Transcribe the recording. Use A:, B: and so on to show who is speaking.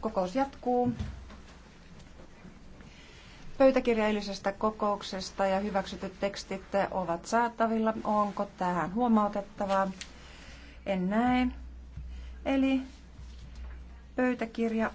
A: Kokous jatkuu. Pöytäkirja kokouksesta ja hyväksytyt tekstit ovat saatavilla. Onko tähän huomautettavaa? En näe. Eli
B: pöytäkirja on